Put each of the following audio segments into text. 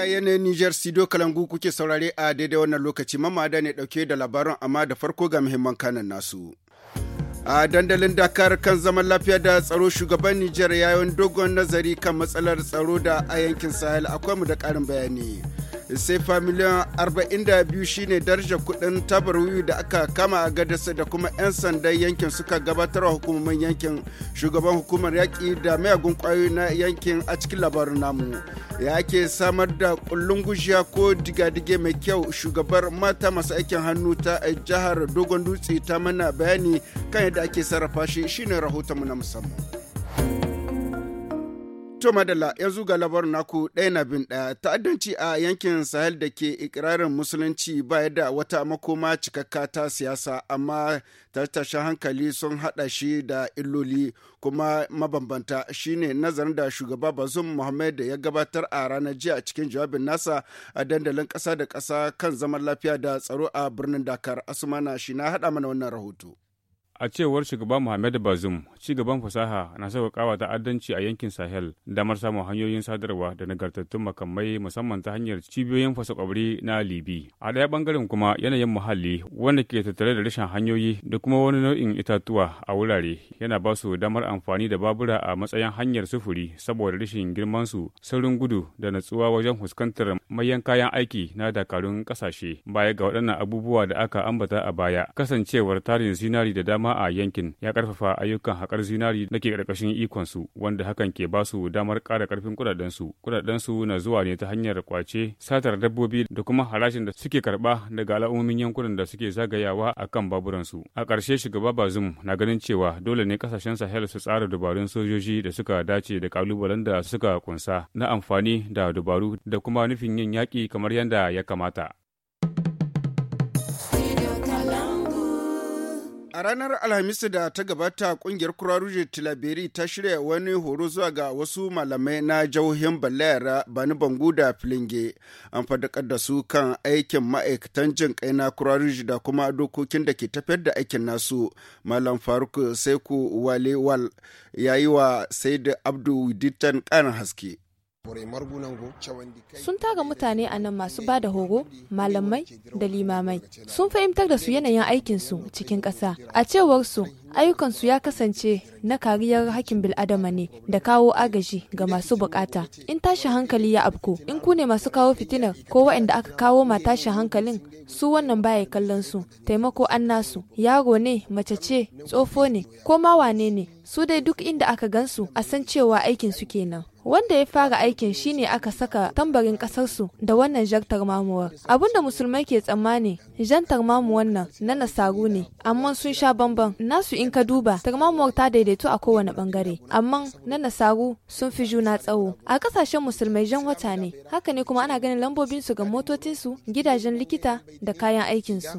gaskiya yanayin Nijar Sido Kalangu kuke saurare a daidai wannan lokaci mamada ne dauke da labarin amma da farko ga muhimman kanan nasu. A dandalin Dakar kan zaman lafiya da tsaro shugaban Nijar yayin dogon nazari kan matsalar tsaro da a yankin Sahel akwai mu da karin bayani. sefa miliyan 42 shine daraja kudin tabar da aka kama a gadarsa da kuma 'yan sandan yankin suka gabatar wa hukumomin yankin shugaban hukumar yaƙi da mayagun ƙwayoyi na yankin a cikin labarin namu ya ake samar da kullun gujiya ko digadige mai kyau shugabar mata masu aikin hannu ta jihar dogon dutse ta mana bayani kan yadda ake sarrafa shi shine rahotonmu na musamman To madalla yanzu ga labar naku ɗaya na bin ɗaya ta'addanci a yankin sahel da ke ikirarin musulunci ba da wata makoma cikakka ta siyasa amma tattashin hankali sun haɗa shi da illoli kuma mabambanta shine nazarin da shugaba bazum muhammad ya gabatar a ranar jiya cikin jawabin nasa a dandalin ƙasa da ƙasa kan zaman lafiya da tsaro a birnin dakar asumana shi na haɗa mana wannan rahoto. A cewar shugaba Muhammad bazum ci gaban fasaha na sauƙaƙawa ta'addanci a yankin Sahel, damar samun hanyoyin sadarwa da nagartattun makamai musamman ta hanyar cibiyoyin fasa kwabri na Libi. A ɗaya ɓangaren kuma yanayin muhalli wanda ke tattare da rashin hanyoyi da kuma wani nau'in itatuwa a wurare yana ba su damar amfani da babura a matsayin hanyar sufuri saboda rashin girmansu, saurin gudu da natsuwa wajen fuskantar mayan kayan aiki na dakarun ƙasashe. Baya ga waɗannan abubuwa da aka ambata a baya, kasancewar tarin zinari da dama zama a yankin ya karfafa ayyukan haƙar zinari da ke ƙarƙashin ikonsu wanda hakan ke ba su damar ƙara ƙarfin kuɗaɗensu kuɗaɗensu na zuwa ne ta hanyar kwace satar dabbobi da kuma harashin da suke karɓa daga al'ummomin yankunan da suke zagayawa a kan baburansu a ƙarshe shugaba bazum na ganin cewa dole ne ƙasashen sahel su tsara dubarun sojoji da suka dace da ƙalubalen da suka kunsa na amfani da dubaru da kuma nufin yin yaƙi kamar yadda ya kamata A ranar Alhamis da ta gabata kungiyar Kuraruje Tilaberi ta shirya wani horo zuwa ga wasu malamai na jauhin Balayara Bani Bangu da Filinge. An faɗaƙar da su kan aikin ma'aikatan jin kai na Kuraruje da kuma dokokin da ke tafiyar da aikin nasu. Malam Faruk Seku Walewal ya yi wa Said Abdu Widitan ƙarin haske. Sun taga mutane a nan masu bada da horo, malamai da limamai. Sun fahimtar da su yanayin aikinsu cikin ƙasa. A cewar su, ayyukansu ya kasance na kariyar hakkin bil'adama ne da kawo agaji ga masu bukata in tashi hankali ya abko, in ku ne masu kawo fitinar ko waɗanda aka kawo ma tashin hankalin su wannan baya kallon su taimako an nasu yaro ne mace ce tsofo ne ko ma wane ne su dai duk inda aka gansu a san cewa aikin su kenan wanda ya fara aikin shine aka saka tambarin kasarsu da wannan jantar mamuwar abinda musulmai ke tsammani jantar mamuwar nan na nasaru ne amma sun sha bamban nasu in ka duba tarmamuwar ta daidaito a kowane bangare amma na nasaru sun fi juna tsawo a kasashen musulmai jan wata ne haka ne kuma ana ganin lambobinsu ga motocinsu gidajen likita da kayan aikinsu.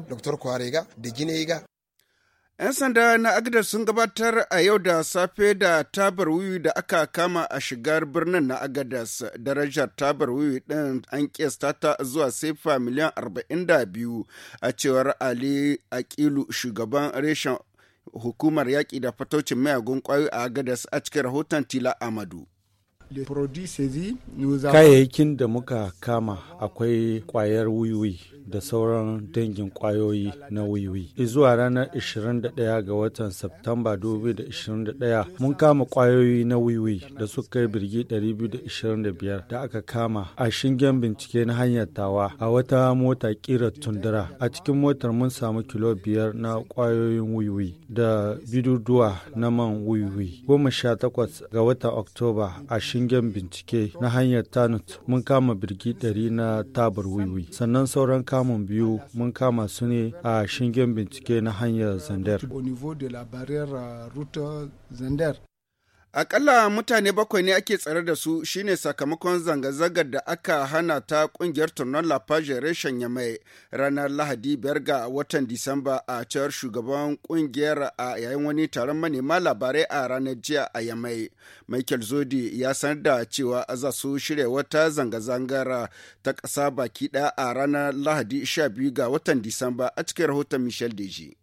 'Yan sanda na Agdar sun gabatar a yau da safe da tabar wiwi da aka kama a shigar birnin na Agadas. Darajar tabar wiwi ɗin an kesta ta zuwa sefa miliyan 42 a cewar Ali Akilu shugaban reshen hukumar yaƙi da fatocin mayagun ƙwayo a Agadas a cikin rahoton Tila Amadu. Kayayyakin da muka kama akwai kwayar wiwi da sauran dangin kwayoyi na wiwi. Zuwa ranar 21 ga watan Septamba 2021 mun kama kwayoyi na wiwi da suka kai birgi 225 da aka kama a shingen bincike na hanyar tawa a wata mota kira tundura. A cikin motar mun samu kilo biyar na kwayoyin wiwi da biduduwa na man wiwi. 18 ga watan Oktoba a shingen shingen bincike na hanyar tanut mun kama birgi ɗari na tabar wiwi sannan sauran kamun biyu mun kama su ne a shingen bincike na hanyar zandar Akalla mutane bakwai ne ake tsare da su shine sakamakon zanga-zangar da aka hana ta kungiyar turnon Lafage reshen Yamai ranar Lahadi biyar ga watan Disamba a cewar shugaban kungiyar a yayin wani taron manema labarai a ranar jiya a Yamai. Michael Zodi ya sanar da cewa za su shirya wata zanga-zangar ta ƙasa baki ɗaya a ranar Lahadi Sha biyu ga watan Disamba a cikin rahoton Michel Deji.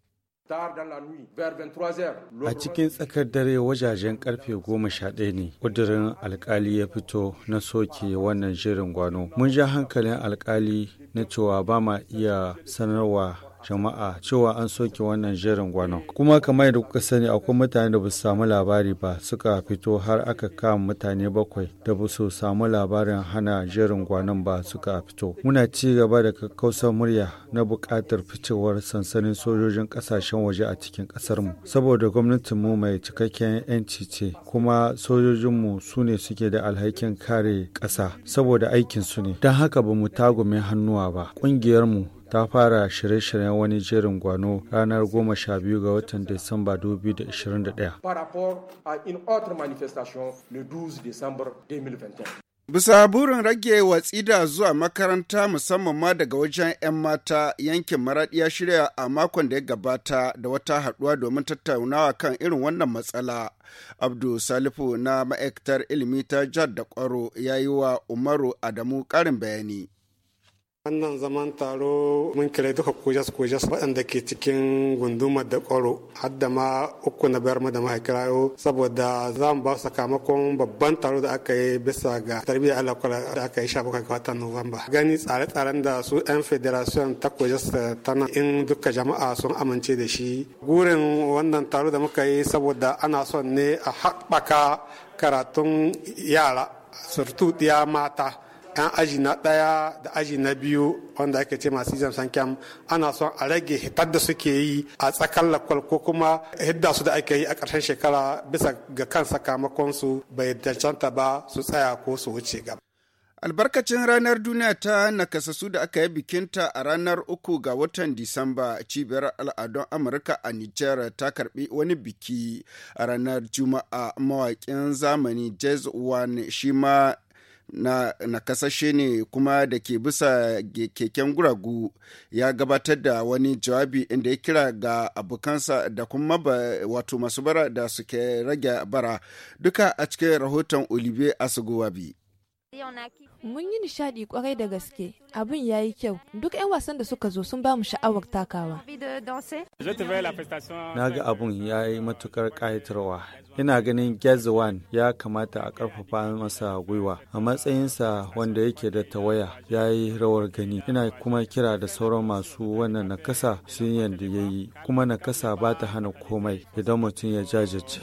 A cikin tsakar dare wajajen karfe goma sha ɗaya ne ƙudurin alkali ya fito na soke wannan shirin gwano. Mun ja hankalin alkali na cewa ba ma iya sanarwa jama'a cewa an soke wannan jerin gwanon kuma kamar yadda kuka sani akwai mutane da ba su samu labari ba suka fito har aka kama mutane bakwai da ba su samu labarin hana jerin gwanon ba suka fito muna ci gaba da kakkausar murya na buƙatar ficewar sansanin sojojin ƙasashen waje a cikin ƙasarmu saboda gwamnatinmu mai cikakken 'yanci ce kuma sojojinmu su ne suke da alhakin kare ƙasa saboda aikinsu ne don haka ba mu tagume hannuwa ba ƙungiyarmu ta fara shirye-shiryen wani jerin gwano ranar 12 ga watan Disamba 2021. Bisa burin rage watsi da zuwa makaranta musamman ma daga wajen 'yan mata yankin maraɗi ya shirya a makon da ya gabata da wata haɗuwa domin tattaunawa kan irin wannan matsala. Abdu Salifu na ma'aikatar ilimi ta jihar da kwaro ya yi wa Umaru Adamu ƙarin bayani. wannan zaman taro mun kira duka kujas kujas waɗanda ke cikin gunduma da kwaro har da ma uku na bayar da mahaikirayo saboda za mu ba sakamakon babban taro da aka yi bisa ga tarbiyyar alakwala da aka yi sha bakwai ga watan nuwamba gani tsare-tsaren da su yan federation ta kojas tana in duka jama'a sun amince da shi gurin wannan taro da muka yi saboda ana son ne a haɓaka karatun yara surtu mata 'yan aji na ɗaya da aji na biyu wanda ake ce masu izam sankyam ana son a rage hitar da suke yi a tsakan lakwal ko kuma hidda su da ake yi a ƙarshen shekara bisa ga kan sakamakon su bai dancanta ba su tsaya ko su wuce gaba. Albarkacin ranar duniya ta nakasassu da aka yi bikinta a ranar uku ga watan Disamba cibiyar al'adun Amurka a Nijar ta karbi wani biki a ranar Juma'a mawakin zamani Jazz One shima. na kasashe ne kuma da ke bisa keken guragu ya gabatar da wani jawabi inda ya kira ga abokansa da kuma ba wato masu bara da suke rage bara duka a cikin rahoton olivier asuguwabi. Mun yi nishadi kwarai da gaske, abin ya yi kyau. Duk 'yan wasan da suka zo sun ba mu sha'awar takawa. Euh, na ga abin ya yi matukar ƙayatarwa. Ina ganin Gazwan ya kamata a ƙarfafa masa gwiwa. A matsayinsa wanda yake da tawaya ya yi rawar gani. Ina kuma kira da sauran masu wannan nakasa su yi yadda ya yi. Kuma nakasa ba ta hana komai idan mutum ya jajirce.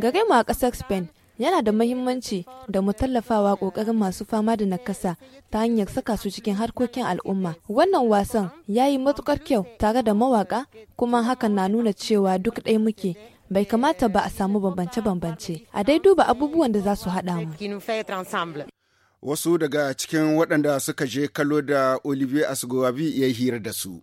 Gare mu a ƙasar Spain, yana da mahimmanci da mu tallafawa ƙoƙarin masu fama da nakasa ta hanyar saka su cikin harkokin al'umma wannan wasan ya yi matukar kyau tare da mawaka kuma hakan na nuna cewa duk ɗaya muke bai kamata ba a samu bambance-bambance a dai duba abubuwan da za su haɗa mu wasu daga cikin waɗanda suka je kalo da olivier asgowabi ya hira da su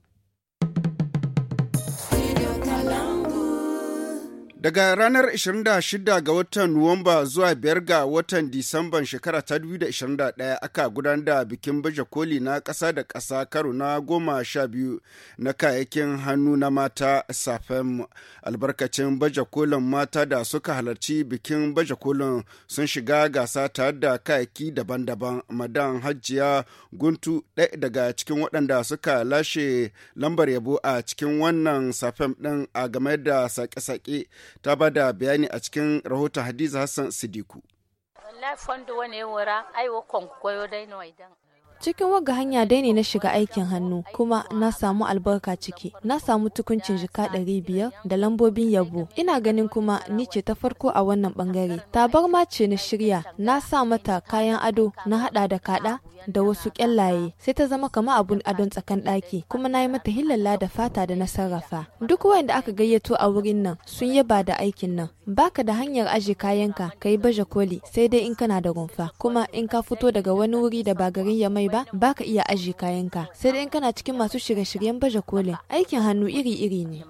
Daga ranar 26 ga watan Nuwamba zuwa 5 ga watan Disamban shekara ta 2021 aka gudanar da bikin baje koli na ƙasa da ƙasa karo na goma sha biyu na kayayyakin hannu na mata safem albarkacin baje kolin mata da suka halarci bikin baje kolin sun shiga gasa tare da kayayyaki daban-daban madan hajjiya guntu ɗaya daga cikin waɗanda suka lashe lambar yabo a cikin wannan safem ɗin a game da sake-sake ta ba da bayani a cikin rahoton hadiza hassan sidiku. wallahi fondo wane wura aiwo konkoyo dai no idan Cikin wagga hanya dai ne na shiga aikin hannu kuma na samu albarka ciki. Na samu tukuncin jika ɗari biyar da lambobin yabo. Ina ganin kuma ni ce ta farko a wannan bangare. Tabarma ce na shirya na sa mata kayan ado na haɗa da kaɗa da wasu ƙyallaye sai ta zama kama abun adon tsakan ɗaki kuma na yi mata hillalla da fata da na sarrafa. Duk wanda aka gayyato a wurin nan sun yaba da aikin nan. Baka da hanyar aje kayanka ka yi baje koli sai dai in kana da rumfa kuma in ka fito daga wani wuri da ba garin ya mai komai ba baka iya aji kayanka sai dai kana cikin masu shirye-shiryen baje kole aikin hannu iri-iri ne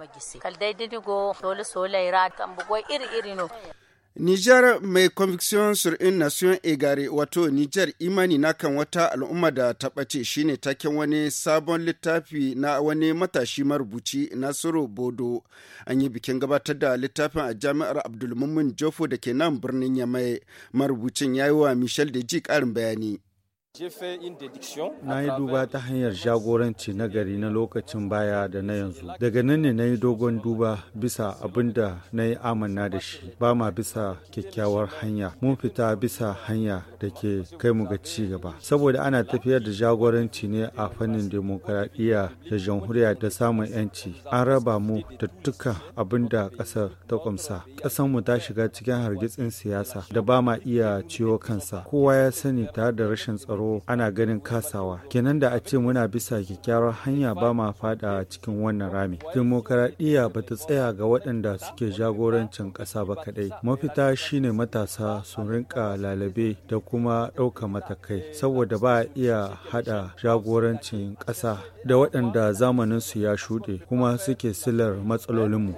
niger mai conviction sur in nation egare wato niger imani na kan wata al'umma da ta bace shine taken wani sabon littafi na wani matashi marubuci Nasiru Bodo. An yi bikin gabatar da littafin a jami'ar Abdulmumin Jofo da ke nan birnin Yamai. Marubucin yayuwa wa Michel Deji karin bayani. Na yi duba ta hanyar jagoranci na gari na lokacin baya da na yanzu. Daga nan ne na yi dogon duba bisa abin da na yi amana da shi, ba ma bisa kyakkyawar hanya. Mun fita bisa hanya da ke kai mu ga ci gaba. Saboda ana tafiyar da jagoranci ne a fannin demokaradiyya da jamhuriya da samun yanci. An raba mu da dukkan abin da ƙasar ta kwamsa. Ƙasar mu ta shiga cikin hargitsin siyasa da ba ma iya ciwo kansa. Kowa ya sani tare da rashin tsaro ana ganin kasawa kenan da a ce muna bisa kyakkyawar hanya ba ma fada cikin wannan rami dimokuraɗiyya ba ta tsaya ga waɗanda suke jagorancin ƙasa ba kaɗai mafita shine matasa su rinka lalabe da kuma ɗauka matakai saboda ba a iya haɗa jagorancin ƙasa da waɗanda zamaninsu ya shuɗe kuma suke silar matsalolinmu.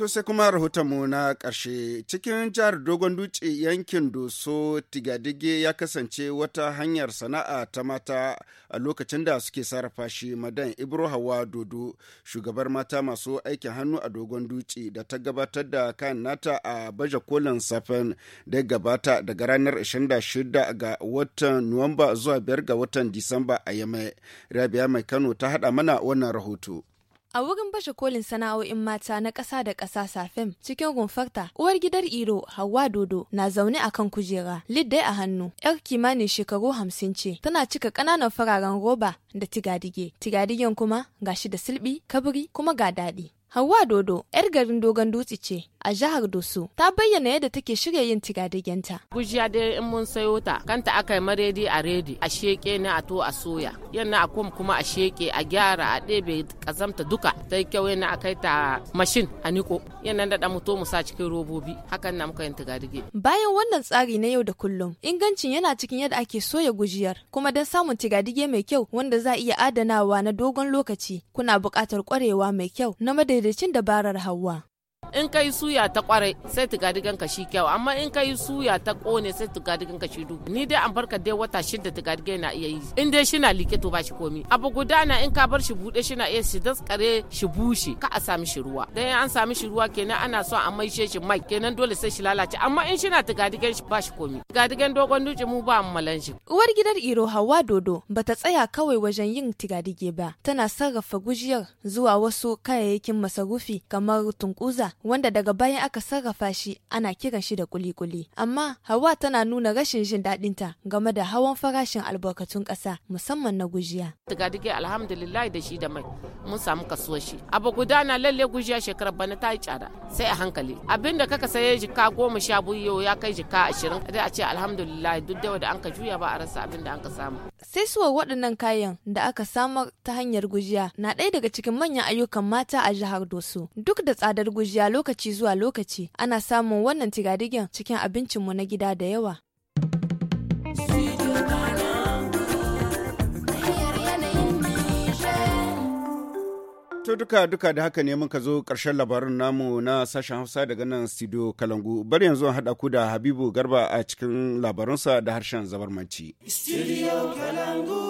To sai kuma rahotonmu na ƙarshe cikin jihar Dogon Dutse yankin Doso Tigadige ya kasance wata hanyar sana'a ta mata a lokacin da suke sarrafa shi madan Ibro Hawa Dodo shugabar mata masu aikin hannu a Dogon Dutse da ta gabatar da kan nata a baje kolin safin da gabata daga ranar 26 ga watan Nuwamba zuwa 5 ga watan Disamba a Yamai. rabia Mai Kano ta haɗa mana wannan rahoto. A wurin bashe kolin sana'o'in mata na ƙasa da ƙasa Safem cikin rumfarta, uwar gidar Iro Hauwa Dodo na zaune a kan kujera, liddai a hannu, 'yar kimanin shekaru hamsin ce, tana cika ƙananan fararen roba da tigadige. Tigadigen kuma gashi da silbi, kabri kuma ga daɗi. Hauwa Dodo, 'yar garin Dogon Dutse ce, a jihar Doso ta bayyana yadda take shirya yin tigadigenta. Gujiya da in mun sayo ta kanta aka yi maredi a redi a sheke ne a to a soya yana a kom kuma a sheke a gyara a ɗebe kazamta duka ta yi kyau yana a kai ta mashin a niko yana da muto mu sa cikin robobi hakan na muka yin tigadige. Bayan wannan tsari na yau da kullum ingancin yana cikin yadda ake soya gujiyar kuma don samun tigadige mai kyau wanda za iya adanawa na dogon lokaci kuna buƙatar ƙwarewa mai kyau na madaidaicin dabarar hawa. in ka yi suya ta kwarai sai tigadigan ka shi kyau amma in ka yi suya ta kone sai tigadigan ka shi dubu ni dai an barka dai wata shida tigadigai na iya yi in dai shi na liƙe to ba shi komi abu guda na in ka bar shi buɗe shi na iya shi daskare shi bushe ka a sami shi ruwa dan an sami shi ruwa kenan ana so a maishe shi mai kenan dole sai shi lalace amma in shi na tigadigan shi ba shi komi tigadigan dogon duci mu ba mallan shi uwar gidar iro hawa dodo bata tsaya kawai wajen yin tigadige ba tana sarrafa gujiyar zuwa wasu kayayyakin masarufi kamar tunkuza wanda daga bayan aka sarrafa shi ana kiran shi da kuli-kuli. Amma Hawa tana nuna rashin jin daɗinta game da hawan farashin albarkatun ƙasa musamman na gujiya. Daga dige alhamdulillah da shi da mai mun samu kaso shi. Abu na lalle gujiya shekarar bana ta yi tsada sai a hankali. Abin da kaka saye jika goma sha biyu ya kai jika ashirin. Dai a ce alhamdulillah duk da an ka juya ba a rasa abin da an ka samu. Sai suwa waɗannan kayan da aka samar ta hanyar gujiya na ɗaya daga cikin manyan ayyukan mata a jihar Doso. Duk da tsadar gujiya lokaci zuwa lokaci ana samun wannan tigadigin cikin abincinmu na gida da yawa. To duka duka da haka ne muka zo ƙarshen labarin namu na sashen Hausa daga nan studio Kalangu. Bari yanzu an haɗa ku da Habibu Garba a cikin labarunsa da harshen zabarmanci. Studio Kalangu.